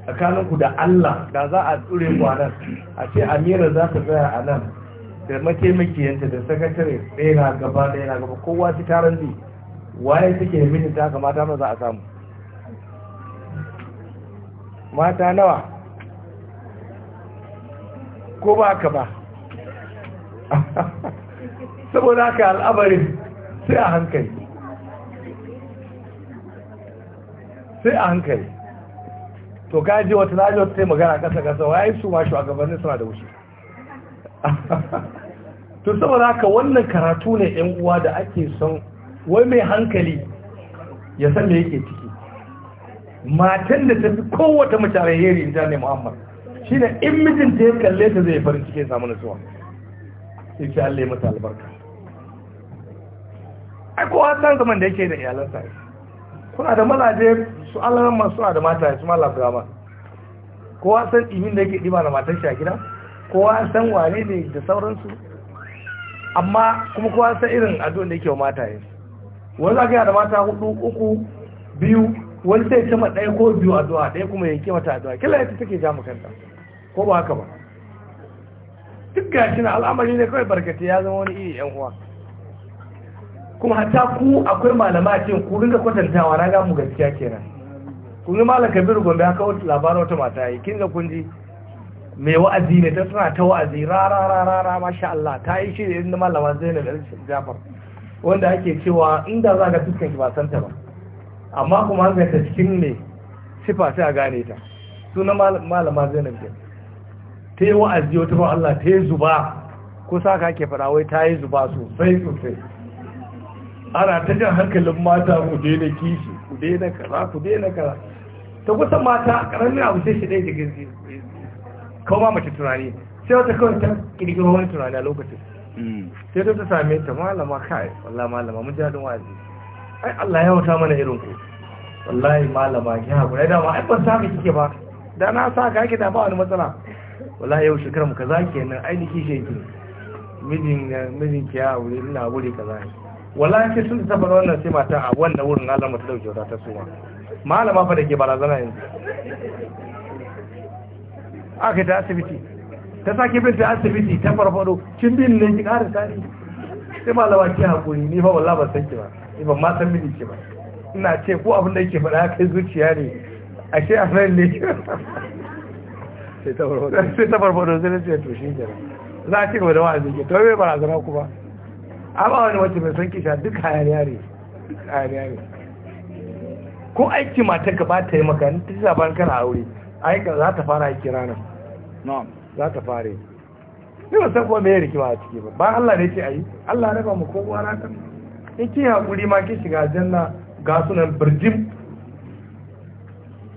tsakaninku da Allah da za a tsure ku a nan a ce amira za ta tsaya a nan da mataimakiyanta da sakatare ɗaya na gaba ɗaya na gaba kowa ci taron ne waye suke mini ta haka mata za a samu mata nawa ko ba ka ba saboda haka al'amarin sai a hankali sai a hankali to ka ji wata naji wata magana kasa kasa yi su ma gabanin suna da wuce to saboda haka wannan karatu ne yan uwa da ake son wai mai hankali ya san me yake ciki matan da ta fi kowace mace alheri in ne muhammad shine in ta ya kalle ta zai farin cikin samu nutsuwa sai ce Allah ya mata albarka ai kowa san zaman da yake da iyalansa suna da malaje su alarma suna da mata su malam drama kowa san imin da yake ɗiba da matar shi a gida kowa san wane ne da sauransu amma kuma kowa san irin addu'an da yake wa mataye wani za ka da mata hudu uku biyu wani sai ta ma ɗaya ko biyu addu'a ɗaya kuma yanke mata addu'a kila yadda take ja kanta ko ba haka ba duk gashi na al'amari ne kawai barkatai ya zama wani iri yan uwa kuma hatta ku akwai malama a cikin ku da kwatantawa na gamu gaskiya kenan kun yi malam kabiru gombe haka wata labarin wata mata yi kin ga kun mai wa'azi ne ta suna ta wa'azi rara rara rara masha Allah ta yi shi da da malama zainab da jafar wanda ake cewa inda za ka fuskan ki ba san ta ba amma kuma an ta cikin ne sifa sai a gane ta suna malama zainab ke ta yi wa'azi wata ba Allah ta yi zuba sa ka ke fara wai ta yi zuba sosai sosai ana ta jan hankalin mata mu daina kishi ku daina kaza ku daina kaza ta kusa mata karamin abu sai shi ɗaya da gizi kawo mace tunani sai wata kawai ta kirkiro wani tunani a lokacin hmm. sai ta same ta malama kai wallah malama mun ji hadin wazi ai Allah ya wata mana irin ku wallahi malama ki hakuri da ma ai ban sami kike ba da na sa ka kike da ba wani matsala wallahi yau shekaru mu kaza kenan ai niki shege mijin mijin ki ya wuri ina aure kaza ne wallahi sai sun tabbata wannan sai mata a wannan wurin lamar ta dauke ta suwa malama fa da ke barazana yanzu aka ta asibiti ta sake bin ta asibiti ta farfado kin bin ne ki ƙara tsari sai malama ki hakuri ni fa wallahi ban san ki ba ni ban ma san miki ba ina ce ko abin da yake faɗa kai zuciya ne a ce a ran ne sai ta farfado sai ta farfado sai ta ce to shi kenan za a ci gaba da wa'azi ke to me barazana kuma amma wani wacce mai son kisha duk hayaniya ne hayaniya ne ko aiki matar ka ba ta yi maka ta ci zaban kana aure aika za ta fara aiki ranar za ta fara yi ne ba san kuma mai rikima a ciki ba ba Allah ne ce ayi Allah Allah ba mu kowa ranar in ki haƙuri ma ki shiga janna ga sunan birjim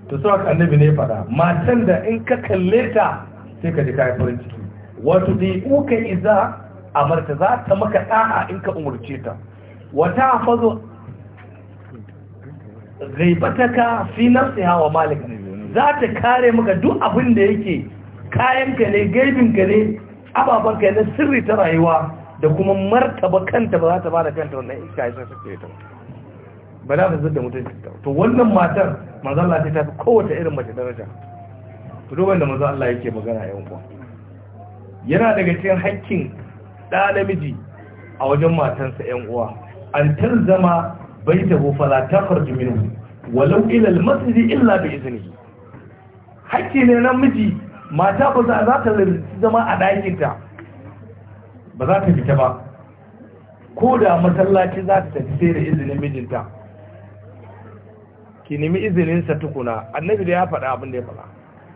to su haka annabi ne fada matan da in ka kalle ta sai ka ji kayan farin ciki wato dai uka iza amarta za ta maka ɗa’a in ka umurce ta wata hafazu gaibataka fi nafsi hawa malik za ta kare maka duk abin da yake kayanka ne gaibinka ne ababanka ne sirri ta rayuwa da kuma martaba kanta ba za ta bada kanta wannan iska ya sake ta ba za ta da mutum. ta to wannan matar manzo Allah ta fi kowace irin mace daraja to duban da manzo Allah yake magana yawan kuwa yana daga cikin hakkin ɗa namiji a wajen matansa ‘yan uwa an tarzama bai ta gofala ta farji minu walau ilal masjidi illa bi izini hakki ne namiji mata ba za ta zama a ɗakinta ba za ta fita ba ko da masallaci za ta tafi sai da izinin mijinta ki nemi izininsa tukuna annabi da ya faɗa abin da ya faɗa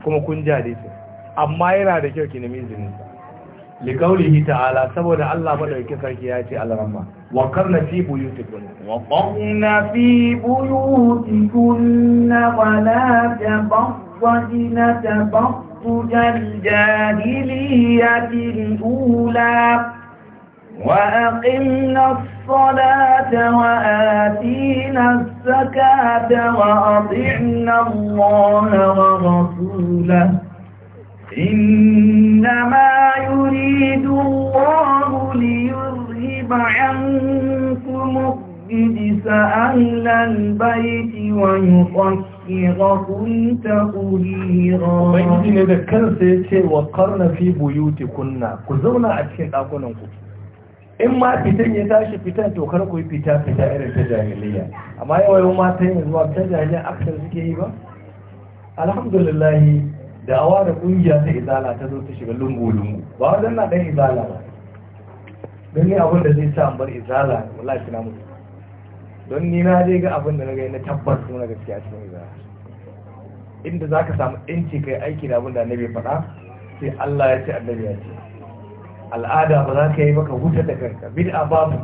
kuma kun jade su amma yana da kyau ki nemi izininsa لقوله تعالى سبحان الله مدوكي سركي ياتي على رمى وقرن في بيوتكن وقرن في بيوتكن ولا تبرجن تبرج الجاهلية الأولى وأقمنا الصلاة وآتينا الزكاة وأطعنا الله ورسوله إنما يريد الله ليرهب عنكم الرجس أهل البيت ويطهركم وبين وبيتي نذكر سيتي وقرن في بيوتكن كزونا أتكن أكونكم in ma fitan ya tashi fitan to kar ku yi fita fita irin ta jahiliya amma yawa yau mata yanzu ta jahiliya aksar suke yi ba alhamdulillah da awa da kungiya ta izala ta zo ta shiga lungu-lungu ba wa na ɗan izala ba don ni abin da zai sa bar izala wala shi na mutu don ni na je ga abin da na gani na tabbas kuma na gaskiya cikin izala inda za ka samu ɗanci kai aiki da abin da annabi faɗa sai Allah ya ce annabi ya ce al'ada ba za ka yi maka huta da kanka bid'a babu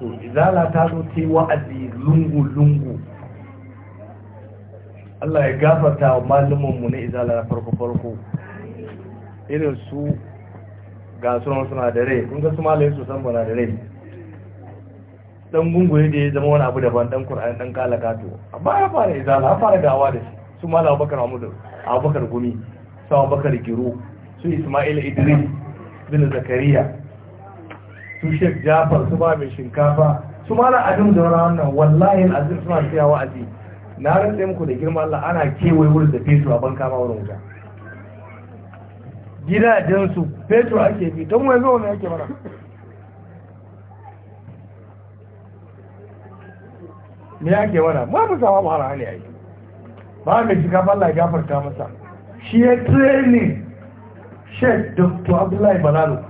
to izala ta zo ta yi wa'azi lungu-lungu Allah ya gafarta wa mu na izala na farko-farko irin su ga sunan suna da rai kun ga su malayin su san bana da rai dan gungun da ya zama wani abu daban dan kur'ani dan kala kato amma ya fara izala ya fara dawa da shi su malam abubakar mahmud abubakar gumi su abubakar giro su ismail idris bin zakariya su shek jafar su ba mai shinkafa su malar adam da wannan wallahi azim suna tsaya wa'azi na rantsa muku da girma Allah ana kewaye wurin da fetur a banka ma wurin wuta gidajensu fetur ake fi don wani ne ake mana me ake mana ma mu sama ba hana yayi ba mai shiga Allah ya gafarta masa shi ya training Sheikh Dr. Abdullahi Balalo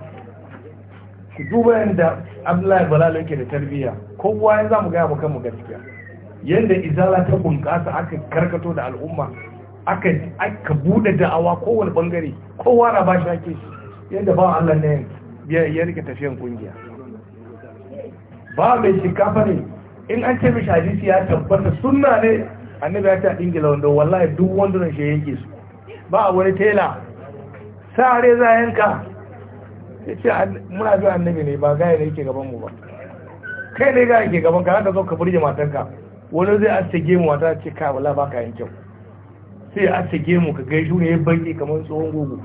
ku duba yadda Abdullahi Balalo yake da tarbiyya kowa ya zamu ga mu kan mu gaskiya yadda izala ta bunƙasa aka karkato da al'umma aka aka bude da'awa kowane bangare kowa na ba shi ake shi yadda ba Allah ne ya rike tafiyan kungiya ba mai shinkafa ne in an ce mishi hadisi ya tabbata sunna ne annabi ya ta dingila wanda wallahi duk wanda shi yake su ba a wani tela sare za yanka ya ce muna biyu annabi ne ba ga yake gaban mu ba kai ne gaya ke gaban ka haka zo ka burge matanka wani zai aske gemu wata ce ka wala ba ka yin kyau sai aske gemu ka gaishu ne ya banki kamar tsohon gugu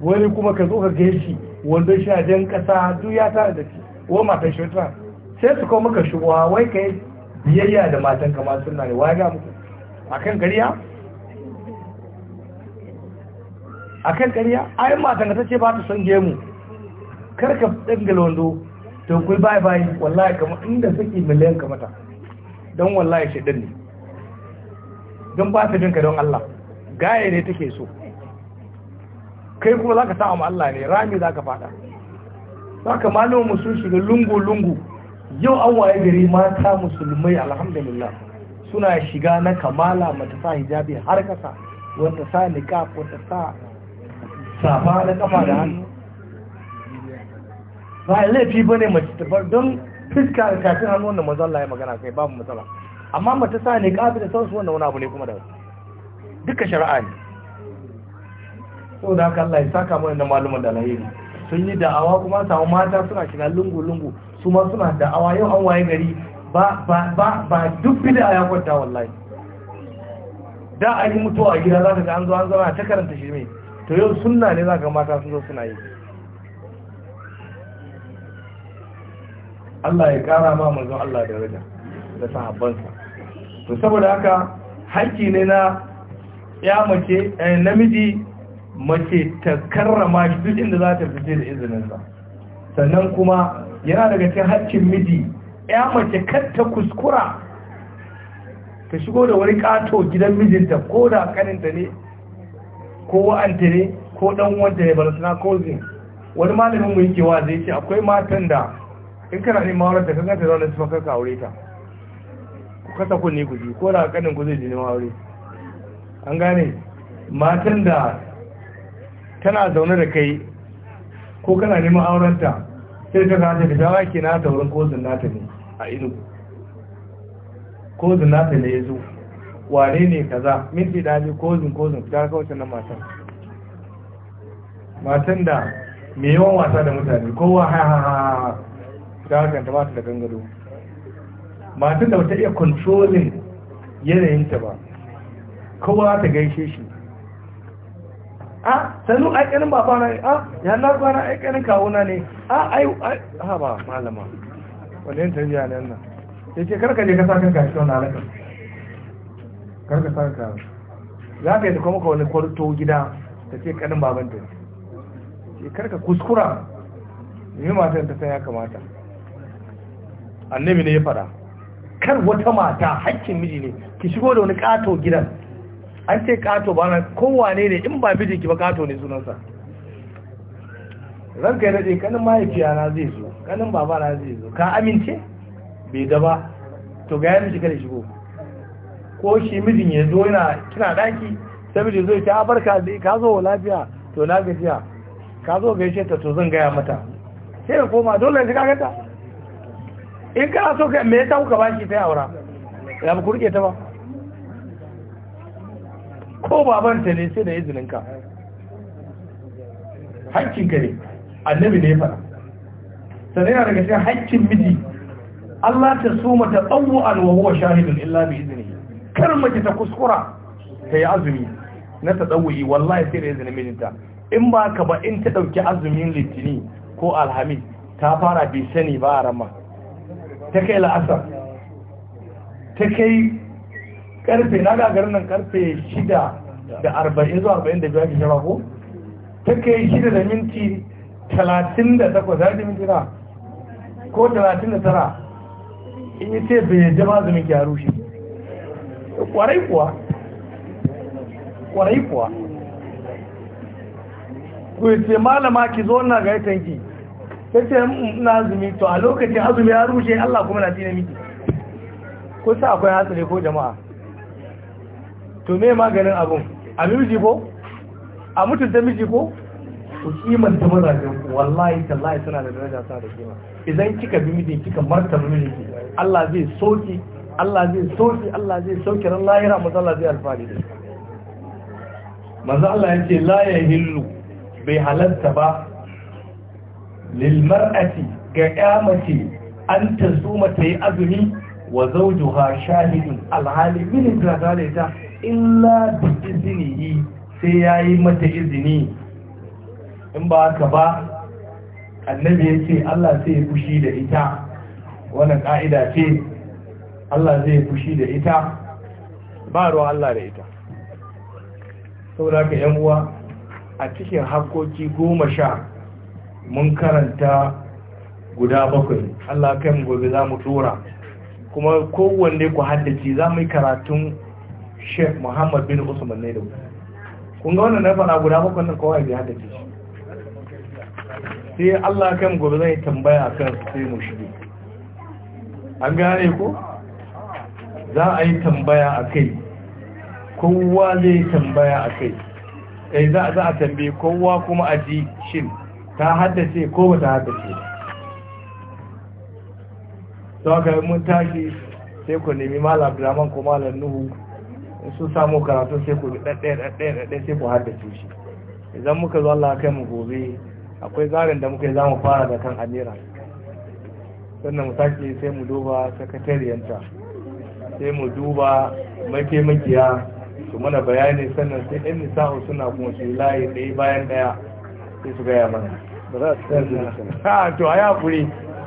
wani kuma ka zo ka gaishi wanda a jan kasa duk ya tara da shi wa matan shi sai su kawo maka shubuwa ah, wai ka yi biyayya da matan kamar suna ne waya ga muku akan kan akan gariya ai matan ka ta ce ba ta son gemu karka dangala wando to kai bye bye wallahi kamar inda suke miliyan kamata don wallahi shaidan ne don ba ta jinka don Allah gaya ne take so kai kuma za ka sa amma Allah ne rami za ka fada za ka malamu sun shiga lungu-lungu yau an waye gari mata musulmai alhamdulillah suna shiga na kamala mata sa hijabi har kasa wata sa niqab wata sa safa na kafa da hannu ba laifi bane mace ta don fiska da tafi hannu wanda manzo Allah ya magana kai babu matsala amma mace sa ne kafi da sauransu wanda wani abu ne kuma da duka shari'a ne da haka Allah ya saka mana da malumin da alheri sun yi da'awa kuma samu mata suna shiga lungu-lungu su ma suna da'awa yau an waye gari ba duk bida ya kwanta wallahi da a yi mutuwa a gida za ka ga an zo an zama ta karanta shi to yau sunna ne za ka mata sun zo suna yi Allah ya kara ma manzon Allah daraja da sahabbansa to saboda haka haƙi ne na ya mace eh, namiji mace ta karrama shi duk inda za ta fice da izinin sa. sannan kuma yana daga cikin haƙin miji ya mace kar ta kuskura ta shigo da wani kato gidan mijinta ko da kaninta ne ko wa'anta ne ko dan uwanta ne bar ko zin wani malamin mu yake wa zai ce akwai matan da in kana neman auren ta kanka ta zauna su maka ka aure ta ku kasa kunni ku ji ko da kanin ku zai ji neman aure an gane matan da tana zaune da kai ko kana neman auren ta sai ta kawo ta dawa ke na taurin ko zinata ne a inu ko zinata ne ya zo wane ne kaza minti da ne ko zin ta kawo na matan matan da mai yawan wasa da mutane kowa ha ha ha ta harkanta ba ta da gangado matan da bata iya kontrolin yanayinta ba kowa ta gaishe shi a sanu aikanin baba na a ya na kwana aikanin kawuna ne a ai ha ba malama wanda yin tarbiya ne nan ya ce karka je ka sa kanka shi wani alaƙar karka sa kanka za ka yi ta kuma wani kwarto gida ta ce kanin babanta ce karka kuskura yi matan ta san ya kamata annabi ne ya fada kar wata mata hakkin miji ne ki shigo da wani kato gidan an ce kato ba na kowane ne in ba mijinki ba kato ne sunansa Zan kai daɗe kanin mahaifiya na zai zo kanin baba na zai zo ka amince bai da ba to ga ya shiga kada shigo ko shi mijin ya zo yana kina daki sai mijin zo ya barka zai ka zo lafiya to na gajiya ka zo gaishe ta to zan gaya mata sai ya koma dole ka ganta in kana so ka me ta kuka bashi sai aura ya ba kurke ta ba ko baban ta ne sai da izinin ka hakkin ka ne annabi ne fara sannan yana daga cikin hakkin miji Allah ta suma ta tsawo wa huwa shahidun illa bi izini kar mace ta kuskura ta yi azumi na ta tsawoyi wallahi sai da izinin mijinta in ba ka ba in ta ɗauki azumin litini ko alhamis ta fara bi sani ba a rama ta kai la'asar ta kai karfe na gagar nan karfe shida da arba'in zuwa arba'in da biya ke shara ko ta kai shida da minti talatin da takwas da minti na ko talatin da tara in yi ce bai jama zumin ki haru shi kwarai kuwa kwarai kuwa ku ce malama ki zo na tanki sai ce hmm, na azumi to a lokacin azumi ya rushe Allah kuma na na miki ko sa akwai hatsari ko jama'a to me maganin abun a miji ko a mutunta miji ko ku ta mazajen ku wallahi tallahi suna da daraja suna da kima idan kika bi miji kika martaba miji Allah zai soki Allah zai soki Allah zai soki ran lahira mu Allah zai alfani da manzo Allah yace la yahillu bai halatta ba lilmar'ati ga ya mace an ta suma ta yi azumi wa zawjuha shahidun alhali min zalita illa bi iznihi sai yayi mata izini in ba ka ba annabi yace Allah sai ya fushi da ita wannan ka'ida ce Allah zai ya fushi da ita ba ruwa Allah da ita saboda ka yan uwa a cikin hakkoki goma sha mun karanta guda bakwai Allah kai mu gobe za mu tura kuma kowanne ku haddace za mu yi karatun Sheikh Muhammad bin Usman ne da kun ga wannan na faɗa guda bakwai nan kowa ya haddace shi sai Allah kai mu gobe zai tambaya kan sai mu shige an gane ko za a yi tambaya a kai kowa zai tambaya a kai eh, za a tambaye kowa kuma a ji shin ta haddace ko ba ta haddace ba don haka mun tashi sai ku nemi malam abdulrahman ko malam nuhu in sun samu karatu sai ku ɗaɗɗaya ɗaɗɗaya ɗaɗɗaya sai ku haddace shi idan muka zo Allah kai mu gobe akwai tsarin da muka yi za mu fara da kan amira sannan mu tashi sai mu duba sakatariyanta sai mu duba mafi makiya su mana bayani sannan sai yan nisa'u suna kuma su layi ɗaya bayan ɗaya sai su gaya mana ba za ah, to a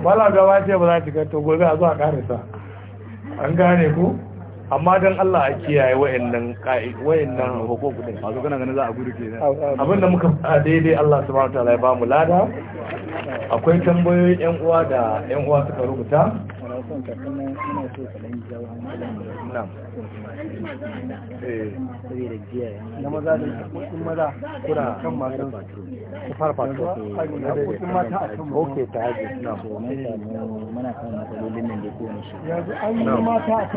ba za ta gato gobe a zuwa karisa an gane ku amma don Allah a kiyaye wayannan wayannan hukuku din a zuwa ganin za a gudu ke abinda muka daidai Allah su wataala ya ba mu lada akwai tambayoyin yan uwa da yan uwa suka rubuta saboda eh, jiya na maza da kuɗin maza kuna kan fara kuɗin mata a kan ok ta hajji suna so muna kan matsalolin kowane shi yanzu an yi mata